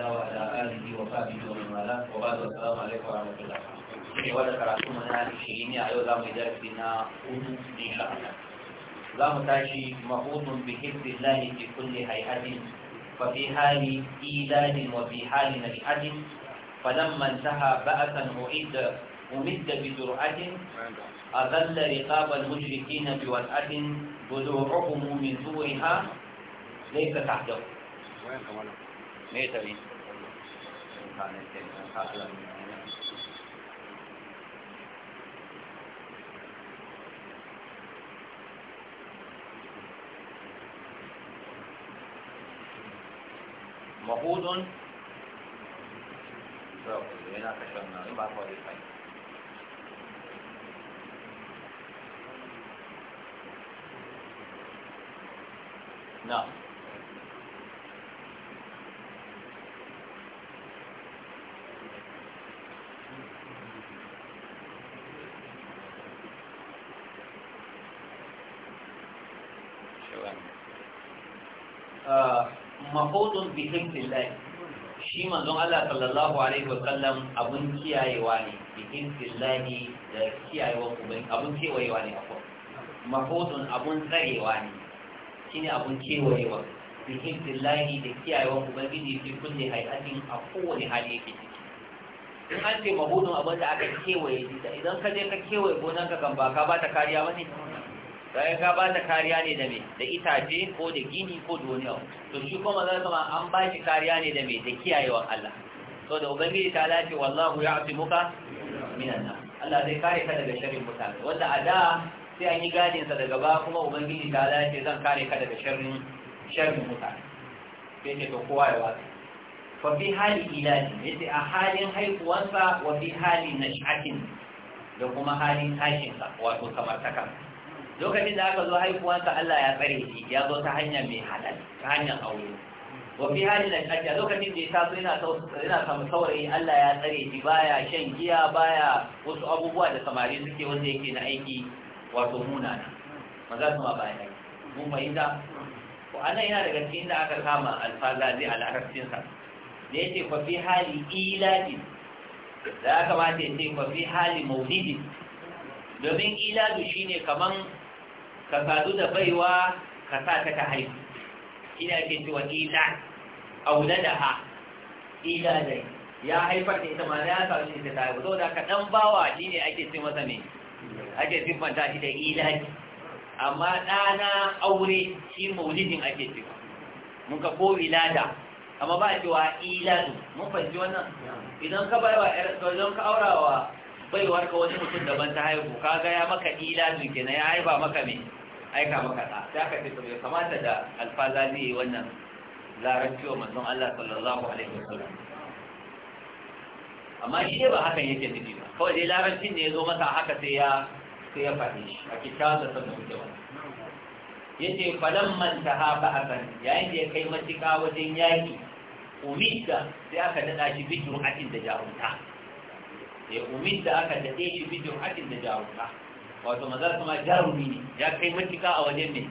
الله وعلى آله وصحبه ومن والاه وبعد السلام عليكم ورحمة الله wanda karatu mana shirini a yau za mu yi darasi na hudu insha za mu tashi mahudun bi hizbillahi fi kulli hay'atin fa fi hali ilahin wa fi hali nash'atin falamma intaha بجرعة أذل رقاب المشركين بوسعة ضلوعهم من زورها ليس تحته me مقود tabi وقود هنا كشفنا يبعث وظيفين نعم mahudun bikin fillahi shi manzon Allah sallallahu alaihi wasallam abun kiyayewa ne bikin fillahi da kiyayewa ubangi abun kewayewa ne akwai mahudun abun tsarewa ne ne abun kewayewa bikin fillahi da kiyayewa ubangiji fi kulle haihatin a kowane hali yake ciki in an ce mahudun abin da aka kewaye shi idan ka je ka kewaye gonan ka kan ka ba ta kariya ba ne bayan ka ba ta kariya ne da me da itace ko da gini ko da wani abu to shi kuma zai kama an ba shi kariya ne da me da kiyayewan Allah to da ubangiji ta lafi wallahu ya'timuka minan nas Allah zai kare ka daga sharrin mutane wanda a da sai an yi gadin sa daga ba kuma ubangiji ta lafi zan kare ka daga sharrin sharrin mutane sai ne to kowa ya wata fa bi hali ilaji yace a halin haihuwansa wa bi hali nash'atin da kuma halin sa wato kamar takan lokacin da aka zo haihuwansa Allah ya tsare shi ya zo ta hanya mai halal ta hanyar aure wa fi halin al'ajiya lokacin da ya taso yana samun saurayi Allah ya tsare shi baya shan giya baya wasu abubuwa da samari suke wanda yake na aiki wato munana maza su ma bayan mun fahimta ko anan yana daga cikin da aka kama alfaza zai al'arabcinsa da ya ce fa fi hali iladin da aka mata ya fa fi hali maulidin domin iladu shine kaman ka sadu da baiwa ka sa ta ta haihu ina ke cewa ila ha ila dai ya haifar da ita ma ya sadu ita ta haihu saboda ka ɗan bawa shi ne ake ce masa ne ake siffanta shi da ilahi amma ɗana aure shi maulidin ake ce mun ka ko ilada amma ba a cewa iladu mun fahimci wannan idan ka baiwa idan ka aurawa baiwar ka wani mutum daban ta haihu ka ya maka iladu kenan ya haifa maka mai. aika maka da sai aka ce to ya kamata da alfaza zai yi wannan larabci wa manzon Allah sallallahu alaihi wasallam amma shi ba hakan yake nufi ba kawai dai larabcin ne ya zo masa haka sai ya sai ya faɗi shi a kitabun da sannan wuce wani ya ce falon manta haɓa a kan yayin da ya kai matuƙa wajen yaƙi umidda sai aka daɗa shi bijin atin da jarumta ya eh, umidda aka daɗe shi bijin atin da jarumta wato maza su ma jarumi ne ya kai matuka a wajen ne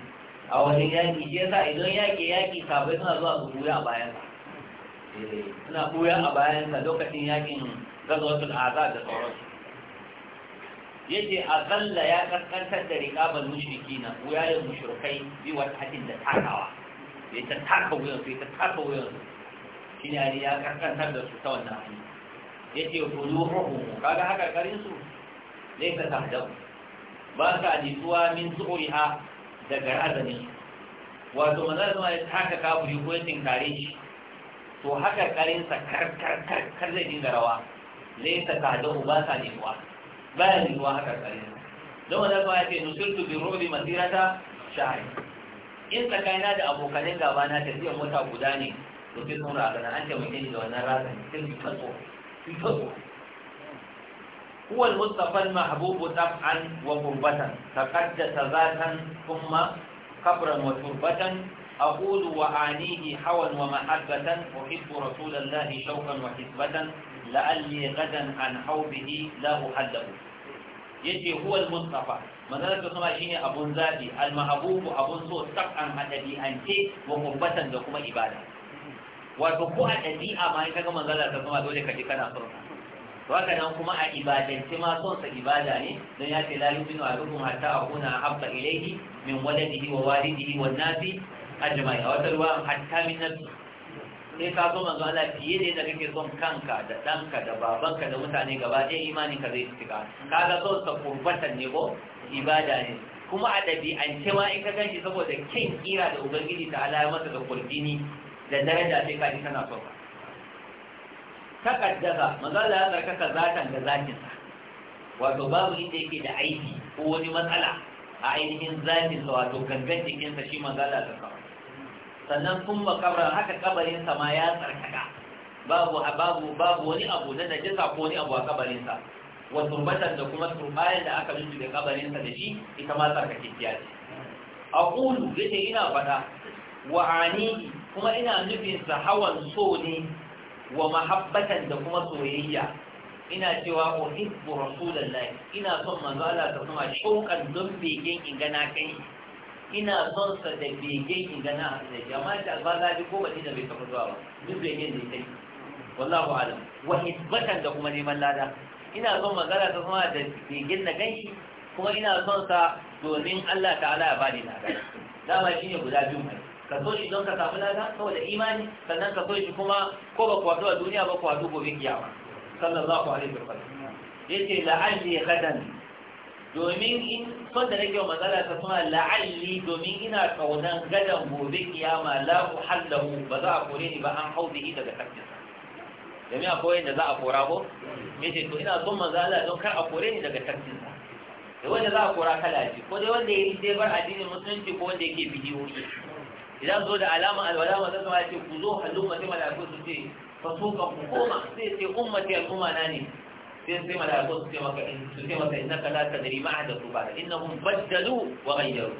a wajen yaƙi shi yasa idan yaƙi yaƙi sabai suna zuwa su buya a bayansa eh, suna buya a bayansa lokacin yaƙin gazawatul Azad da sauransu yace azalla ya kaskantar da riqabal mushrikina wayayin mushrikai bi hatin da takawa ya ta taka wuyan sai ta taka wuyan shine ali ya karkantar da su ta wannan hanya yace ruhu kaga haka karin su laysa tahdau ba ka jituwa min tsoriha daga razanin wato manzan zama ya haka kafuri ko ya tinkare shi to haka karinsa karkarkar zai dinga rawa laisa saka da ba ka jituwa. ba ya nitsuwa haka karinsa don wanda zama ya ce nusirtu bin rubi masirata shahari in tsakanina da abokanin gaba na tafiyan mota guda ne to sai sun razana an taimake ni da wannan razani sai su fatso su هو المصطفى المحبوب طبعا وقربة تقدس ذاتا ثم قبرا وتربة أقول وأعنيه حوا ومحبة أحب رسول الله شوقا وحسبة لعلي غدا عن حوبه لا أحلب yace huwa al-mustafa manzon ta kuma shine abun zafi, al abun so takan hadadi ance wa kubbatan da kuma ibada wato ko a dabi'a ma in kaga manzon ta dole ka ji kana sunna to haka nan kuma a ibadance ma son sa ibada ne don ya ce la yuminu ahadukum hatta akuna habba ilayhi min waladihi wa walidihi wan nasi ajma'in a wata ruwa hatta min nafsi sai ka so manzo Allah fiye da yadda kake son kanka da danka da babanka da mutane gaba ɗaya imaninka zai cika. kaga so sa kurbatan ne ko ibada ne kuma a ɗabi'ance ma in ka ganshi saboda kin kira da ubangiji ta Allah ya masa da kurbini da daraja sai ka ji kana so ka takaddasa manzala ya tsarkaka zatan da zatinsa wato babu inda yake da aiki ko wani matsala a ainihin zatinsa wato gangan jikinsa shi manzala da kawai sannan kun makabra haka kabarinsa ma ya tsarkaka babu babu babu wani abu na najisa ko wani abu a kabarinsa wa turbatar da kuma turbayan da aka rubuta kabarinsa da shi ita ma tsarkakekkiya ce aqulu yace ina fada wa ani kuma ina nufin sa hawan so ne wa mahabbatan da kuma soyayya ina cewa uhibbu rasulullahi ina son manzo Allah ta kuma shaukan don begen in ga na kai ina son sa da begen in ga na da jama'a da ba za ko ba da bai tafi zuwa ba duk begen da kai wallahu alam wa hizbatan da kuma neman lada ina son manzo Allah ta kuma da begen na ganshi kuma ina son sa domin Allah ta'ala ya bani lada dama shine guda biyu mai ka zo shi don ka samu lada saboda imani sannan ka zo shi kuma ko ba kuwa a duniya ba kwato gobe kiyama sallallahu alaihi wa sallam yace la'alli gadan domin in son da nake matsala ta suna la'alli domin ina kaunan gadan gobe kiyama la uhallahu ba za a kore ni ba an hauzi daga kafin domin akwai da za a kora ko yace to ina son manzala don kar a kore ni daga kafin da wanda za a kora kala ce ko dai wanda ya yi bar addinin musulunci ko wanda yake bidiyoyi idan zo da alama alwala ma zan ce ku zo hallu mace mala'iku su ce fa so ka ku koma sai ce ummati al'umma na ne sai sai mala'iku su ce maka su ce maka innaka la tadri ma ahdathu ba innahum baddalu wa ghayyaru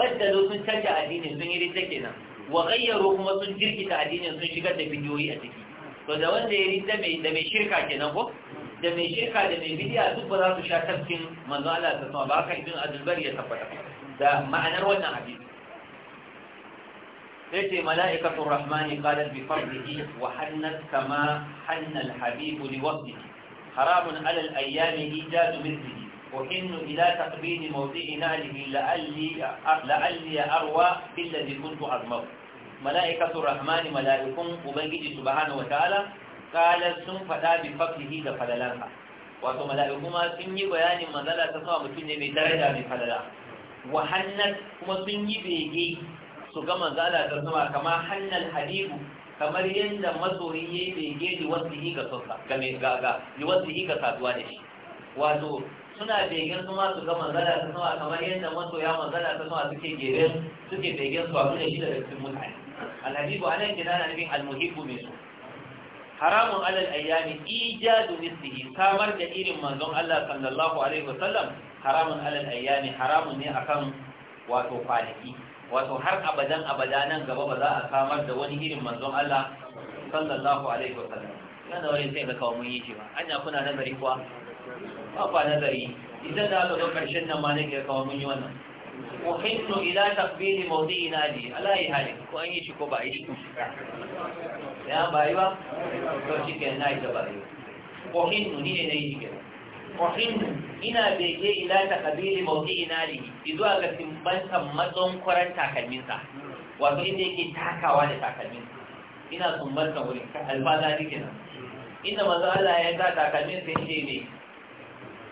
baddalu sun canja addinin sun yi ridda kenan wa ghayyaru kuma sun jirkita addinin sun shigar da bidiyoyi a ciki to da wanda ya ridda mai da mai shirka kenan ko da mai shirka da mai bidiya duk ba za su sha tafkin manzo Allah ta sama ba haka ibn Abdul Bari ya tabbata da ma'anar wannan hadisi sai ce mala’ikatun rahmani kalar bi farbihi wa hannar kama hannan habibu li wasu haramun alal ayyami ija su mirzihi wa hinnu ila takbini mawzi ina lihi la'alli ya arwa illa ji kuntu azmau mala’ikatun rahmani mala’ikun ubangiji subhanahu wa ta’ala kalar sun faɗa bi farbihi da falalanka wato mala’iku ma sun yi bayanin mazala ta sama mutum ne mai daraja mai falala wa kuma sun yi bege su ga manzala da zama kama hannal hadibu kamar yadda masoyi ya yi bege liwasihi ga sosa ga mai gaga liwasihi ga saduwa da shi wato suna begen su ma su ga manzala ta sama kamar yadda masoya manzala ta sama suke geren suke begen su a da shi da cikin mutane alhabibu ana yin gina na nufin almuhibbu mai su haramun alal ayyami ijadu mislihi samar da irin manzon Allah sallallahu alaihi wasallam haramun alal ayyami haramun ne akan wato kwanaki wato har abadan abada nan gaba ba za a samar da wani irin manzon Allah sallallahu alaihi wa sallam yana wani sai ga kawo mun yi shi ba anya kuna nazari kuwa ba kwa nazari idan da aka zo karshen nan ma nake kawo mun yi wannan muhimmu ila takbiri mawdi'i naji ala yi hali ko an yi shi ko ba yi ya ba yi ba to shi ke na yi da ba yi muhimmu ni ne na yi shi kenan muhimmin ina bege ila ta kabili mawuki ina ne zuwa ga sumbantan matson kwaran takalminsa wato inda yake takawa da takalminsa ina sumbantan wurin alfaza ne kenan inda manzo Allah ya sa takalminsa yake ne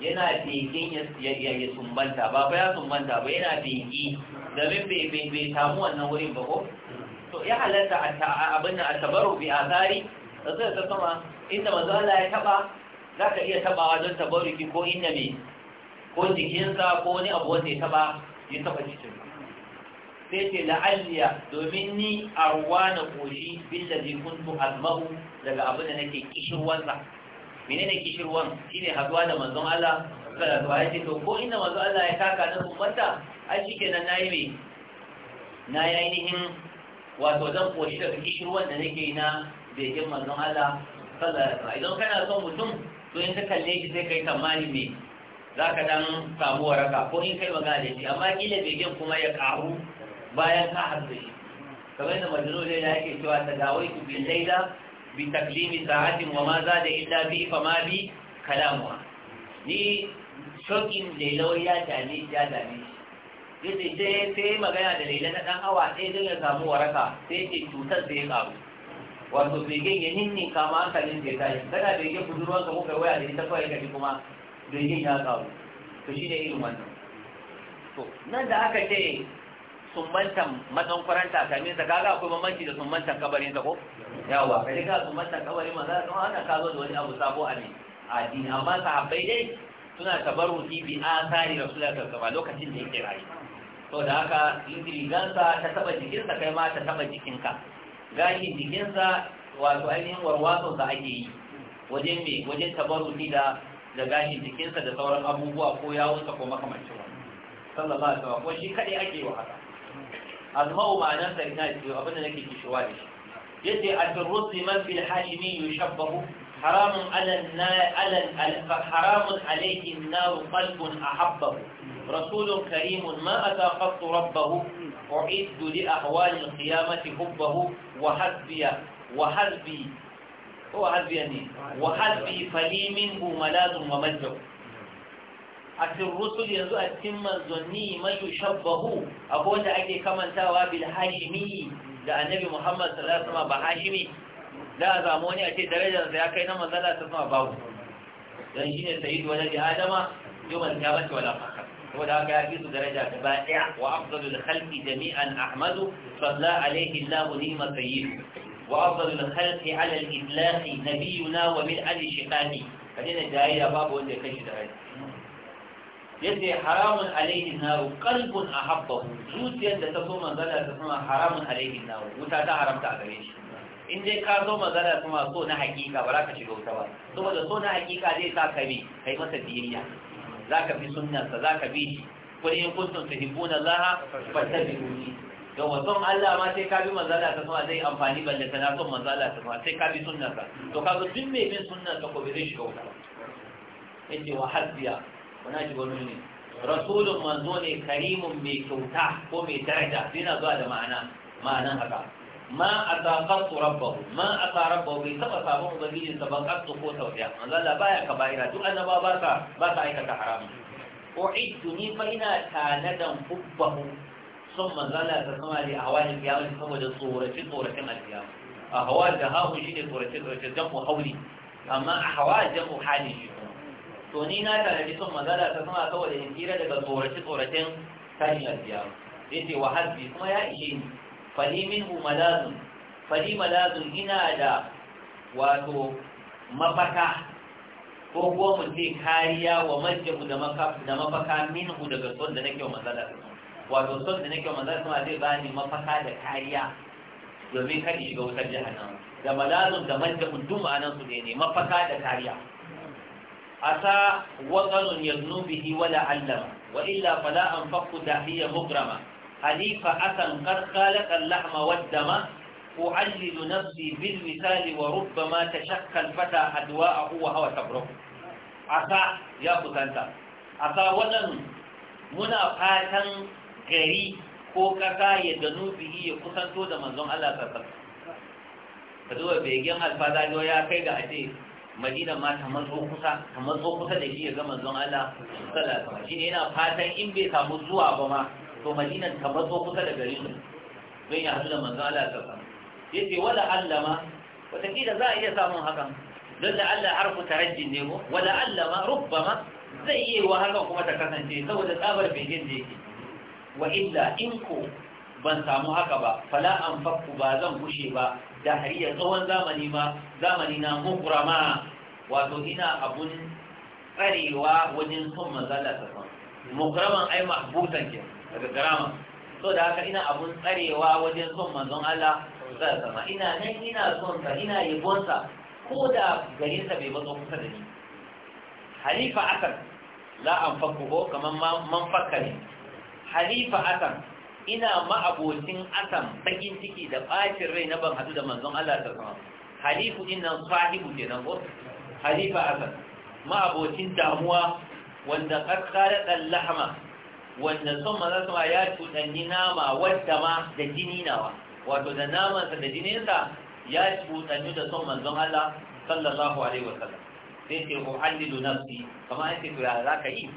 yana begen ya sumbanta ba ba ya sumbanta ba yana bege domin bai samu wannan wurin ba ko to ya halatta abin da a tabaru bi a tsari da zai ta sama inda manzo Allah ya taba za ka iya tabawa don tabariki ko inna mai ko jikinsa ko wani abu wanda ya taba ya taba cikin sai ce la'alliya domin ni a ruwa na koshi billazi kuntu almahu daga abin da nake kishirwansa menene kishirwan ne haɗuwa da manzon Allah sallallahu alaihi wasallam ko inda manzon Allah ya taka na ummata ai shikenan nayi me na yi ainihin wato zan koshi daga kishirwan da nake na bejin manzon Allah sallallahu alaihi wasallam idan kana son mutum to in ka kalle shi sai kai tsammani me za ka dan samu waraka ko in kai magana da shi amma kila begen kuma ya karu bayan ka harbe shi kamar yadda majnun laila yake cewa ta ku bil laila bi taklimi sa'atin wa ma da illa bi fa ma bi kalamuha ni shokin lailawai ya dame ya dame shi yadda sai magana da laila na ɗan awa ɗaya zai samu waraka sai ce cutar sai ya ƙaru wato begen ya ninnin kama hankalin ya tashi kana begen budurwan ka kuka waya da ita kawai gari kuma begen ya karu, to shi ne irin wannan to nan da aka ce sumbantan matsankwaranta kamin sa kaga akwai bambanci da sumbantan kabarin sa ko yawa ka ka sumbantan kabarin maza kuma ana zo da wani abu sabo a ne a addini amma sahabbai dai suna ki bi asari da sallallahu alaihi wasallam lokacin da yake rayu to da haka in rigansa ta taba jikinsa kai ma ta taba jikinka gashin jikinsa wato ainihin warwatsonsa ake yi wajen me wajen tabarruki da da gashin jikinsa da sauran abubuwa ko yawunsa ko makamancin wani sallallahu alaihi wasallam ko shi kadai ake yi wa haka azma'u ma'anar sa ina ce abin da nake kishiwa da shi yace ad-durrus liman fil halimi yushabbahu haramun ala haramun alayhi an-nar qalbun ahabbahu rasulun karimun ma ata qattu rabbahu أعد لأحوال القيامة حبه وحسبي وحسبي هو حسبي يعني وحسبي فلي منه ملاذ ومجد أفي الرسل ينزو أتم الظني ما يشبه أبو أنت أجي كمن تاوى بالحاشمي ده النبي محمد صلى الله عليه وسلم بحاشمي da a samu wani a ce darajarsa ya kai na manzala ta sama babu don shi ne sayidu wajen da adama yau mai ya bace wala saboda haka ya fi su daraja gaba daya wa afdalul khalqi jami'an ahmadu salla alaihi allah ni'ma sayyid wa afdalul khalqi ala al-itlaq nabiyuna wa min ali shiqani kadina jayya babu wanda ya kashi daraja yace haramun alaihi naru qalbun ahabbahu zuciyar da ta so manzala kuma haramun wuta ta haramta a gare shi in dai ka zo manzala kuma so na hakika ba za ka shiga wuta ba saboda so na hakika zai sa ka bi kai masa biyayya Za ka zaka bi sunnarsa zaka bi shi kul in kuntum ta bi fattabi'uni to wasan Allah ma sai ka bi manzo Allah ta sama zai amfani balle sana son manzo Allah ta sama sai ka bi sunansa. to kaga duk mai bin sunansa ko bai shiga wuta yace wa hadiya wana ji wani ne rasulun manzo ne karimun mai kyauta ko mai daraja yana zuwa da ma'ana ma'anan haka ma ataqatu rabbahu ma ata rabbahu bai taɓa samu ubangijin sa ban qattu ko tawfiya manzo baya ka bayira duk annaba ba ka ba ka aikata Ko uidtu ni fa ina tanadan hubbahu sun manzo Allah ta sama da ahwalin kiyama saboda tsoratin tsoratin alkiyama hawa da hawo shine tsoratin tsoratin dan muhawli amma a hawa da muhali shi to ni na tanadi sun son Allah ta sama saboda in tira daga tsoratin tsoratin tashin alkiyama yace wa hasbi kuma ya ishe ni fali hu? malazun fali malazun ina da wato mafaka ko kuwa mu ce kariya wa majjahu da mafaka minhu daga son da nake wa manzala wato son da nake wa manzala ma zai bani mafaka da kariya domin kar shiga wutar jahannama da malazun da majjahun a nan su ne mafaka da kariya asa waqalun yaznu bihi wala allama wa illa fala anfaqu dahiya mugrama hanifa akan karkalaka lahma waddama أعلل نفسي بالمثال وربما تشكى الفتى أدواءه وهو تبرك عسى يا فتنتا عسى ونن منا فاتن غري ko kasa ya gano bihi ya kusanto da manzon Allah sallallahu alaihi wasallam begen alfaza yo ya kai ga ace Madina ma ta matso kusa ta kusa da shi ya ga manzon Allah sallallahu alaihi wasallam shine yana fatan in bai samu zuwa ba ma to madinan ka matso kusa da garin ne? don ya haɗu da manzo Allah ta san ce, wala allama wataƙila za a iya samun hakan don da Allah harfu tarajjin ne mu? wala allama rubbama zai iya wa hakan kuma ta kasance saboda tsabar begen da yake wa illa in ko ban samu haka ba fala an fakku ba zan kushe ba da hariya tsohon zamani ma zamani na mukrama wato ina abun tsarewa wajen son manzala ta san mukraman ai mahbutan kenan daga karama so da haka ina abun tsarewa wajen son manzon Allah zai zama ina nan ina son sa ina yabonsa ko da garinsa bai matso kusa da ni halifa akan la an fakko kamar man fakka ne halifa akan ina ma'abocin akan bakin ciki da bacin rai na ban hadu da manzon Allah ta sama halifu dinnan nan sahibu ke nan ko halifa akan ma'abocin damuwa wanda kakkare dan lahama wanda son maza sama ya cuɗanni nama wadda ma da jini nawa wato da namansa da jininsa ya cuɗanni da son manzon Allah sallallahu alaihi wa sallam sai ce uhallilu nafsi kamar an ce to ya za ka yi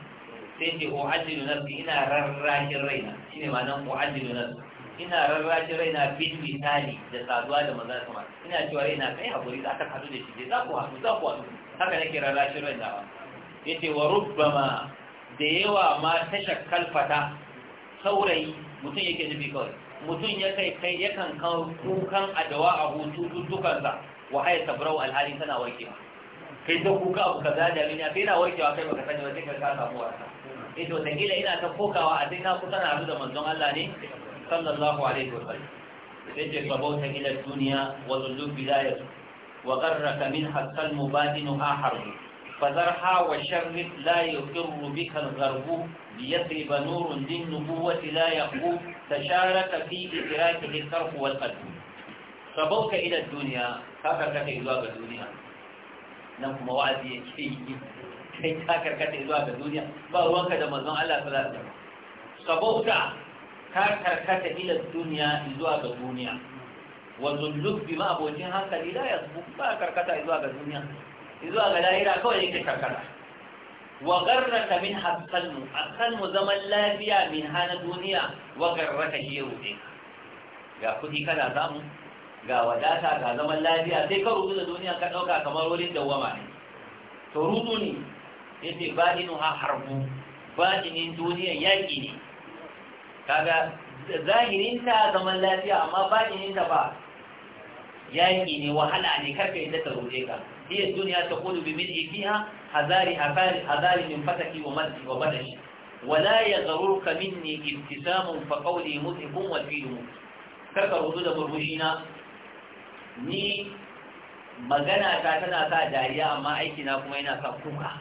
sai ce uhallilu nafsi ina rarrakin raina shine ma'anar uhallilu nafsi ina rarrakin raina bin misali da saduwa da maza sama ina cewa raina kai haƙuri za ka haɗu da shi za ku haɗu za ku haɗu haka nake rarrakin raina ba yace wa rubbama da yawa ma ta shakkal saurayi mutum yake nufi kawai mutum ya kai kai yakan kan kukan adawa a hutu dukansa wa haya sabrau alhali tana warkewa kai ta kuka abu ka zaɗa mini a kai na warkewa kai baka sani wajen ka samu wasa eh to tangila ina ta kokawa a sai kusa na hadu da manzon Allah ne sallallahu alaihi wa sallam sai ce bauta ila duniya wa zullu bidayatu wa qarraka minha al mubadinu a harbi فذرها وشرف لا يقر بك الغرب ليطلب نور ذي النبوة لا يقوم تشارك في إدراكه الصرف والقلب فبوك إلى الدنيا كاكرك إذواب الدنيا نقم وعدي شيء كاكرك إذواب الدنيا فأوانك دمزان الله ثلاثة فبوك كاكرك إلى الدنيا إذواب الدنيا وذلك بما أبوتين هكذا لا يصبح كاكرك إذواب الدنيا zuwa ga lahira kawai yake karkara wa garraka min hasalmu hasalmu zaman lafiya min hana duniya wa garraka shi ruɗe ga kudi kana samu ga wadata ga zaman lafiya sai ka rubu da duniya ka ɗauka kamar wurin da wama ne to rubu ne yace badinu ha harbu badinin duniya yaƙi ne kaga zahirin ta zaman lafiya amma badinin ta ba yaƙi ne wahala ne karka yadda ta ruɗe ka هي الدنيا تقول بملئ فيها حذاري أفاري حذاري من فتك ومدح وبدش ولا يغررك مني ابتسام فقولي مذهب والفيل موت كركر ردود برمجينا ni magana ta tana sa dariya amma aiki na kuma yana sa kuka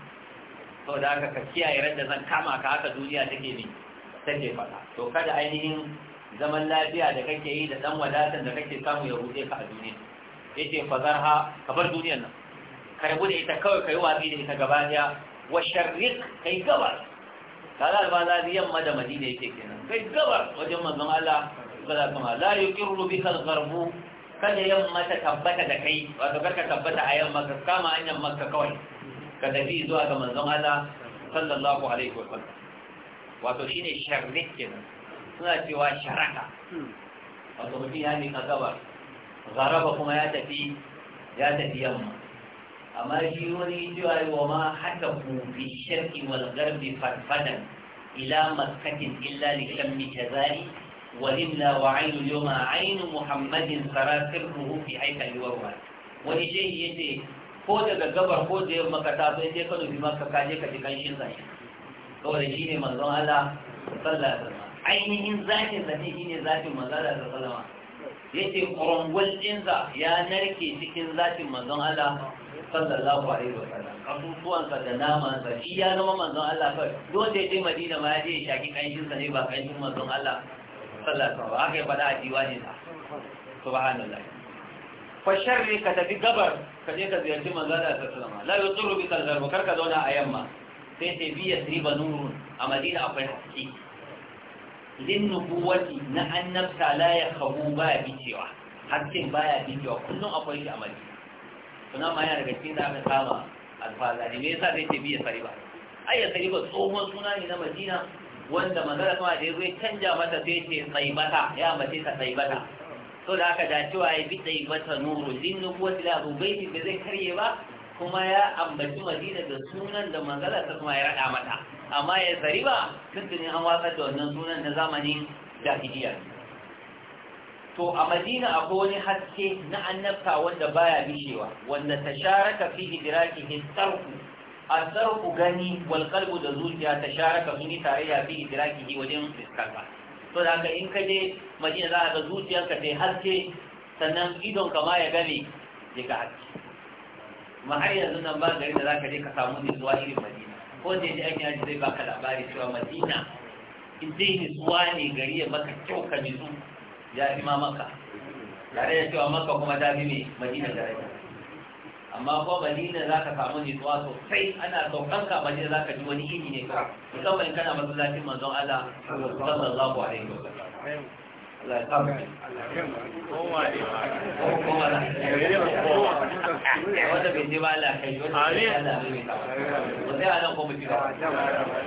sau da aka ka irin da zan kama ka haka duniya take ne take faɗa to kada ainihin zaman lafiya da kake yi da dan wadatan da kake samu ya rute ka a duniya yace fazarha kabar bar duniyar nan ka rabu da ita kawai ka yi watsi da ita gaba daya wa sharrik ka yi gabar kaza albaza yamma da madina yake kenan kai gabar wajen manzon Allah su kuma la yuqirru bika al-gharbu kada yamma ta tabbata da kai wato karka tabbata a yamma ka kama hanyar makka kawai ka tafi zuwa ga manzon Allah sallallahu alaihi wa sallam wato shine sharrik kenan suna cewa sharaka wato mutum ya ne ka gabar garaba kuma ya tafi ya tafi yamma amma shi wani cewa wa ma haka fi shirki wal garbi, farfadan ila maskatin illa li shammi jazari walimna wa ainu yawma ainu muhammadin sarasirruhu fi haikali warwa wani shehi ce ko daga gabar ko da yamma ka taso in dai ka nufi maka ka je ka ji kanshin zaki saboda shi ne manzon Allah sallallahu alaihi wasallam ainihin zakin zaki shine zakin manzon Allah sallallahu alaihi wasallam yace kurangul ɗinsa ya narke cikin zakin manzon Allah sallallahu alaihi wasallam abubuwan sa da naman sa shi ya zama manzon Allah kai dole dai Madina ma ya je shaki kanshin sa ne ba kanshin manzon Allah sallallahu alaihi wasallam haka ya fada a diwani sa subhanallah fa sharri ka tafi gabar ka je ka ziyarci manzon Allah sallallahu alaihi wasallam la yuturu bi kalgar kar ka zauna a yamma sai sai biya riba nurun a Madina akwai haske lin nubuwati na annabta la ya khabu ba ya bicewa ba ya bicewa kullum akwai shi a Madina suna ma yana daga cikin da aka kama alfazari me yasa zai ce biya ba. ai ya ba tsohon suna ne na madina wanda manzara kama da ya zo ya canja mata sai ce tsaibata ya mace ta tsaibata so da aka dacewa ya bi bata nuru linnu ko tila rubaiti da zai karye ba kuma ya ambaci madina da sunan da manzara ta kuma ya rada mata amma ya ba, tuntuni an watsar da wannan sunan na zamanin jahiliya to a madina akwai wani haske na annabta wanda baya bishewa wanda ta sharaka fi idrakihi tsarku a tsarku gani wal kalbu da zuciya ta sharaka tare yi tarayya fi idrakihi wajen fiskarka to da haka in ka je madina za a ga zuciyarka ta haske sannan idon ka ma ya gane je ka haske kuma har yanzu nan ba gari da za ka je ka samu zuwa irin madina ko da yaji an yaji zai baka labari cewa madina in dai zuwa ne gari ya maka kyau ka nutsu ya fi ma maka tare da cewa maka kuma ta fi mai madina daraja amma ko madina za ka samu nutsuwa sosai ana saukanka madina za ka ji wani ini ne ka musamman in kana masallacin manzon Allah sallallahu alaihi wa sallam Allah ya samu kowa ne wanda bai ji ba Allah kai wanda bai Allah bai ta wanda ya nan ko mutum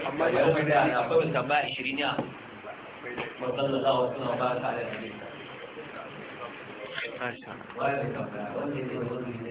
amma ya wanda akwai tambaya 20 Wata da za a wasu na ba ta da ne.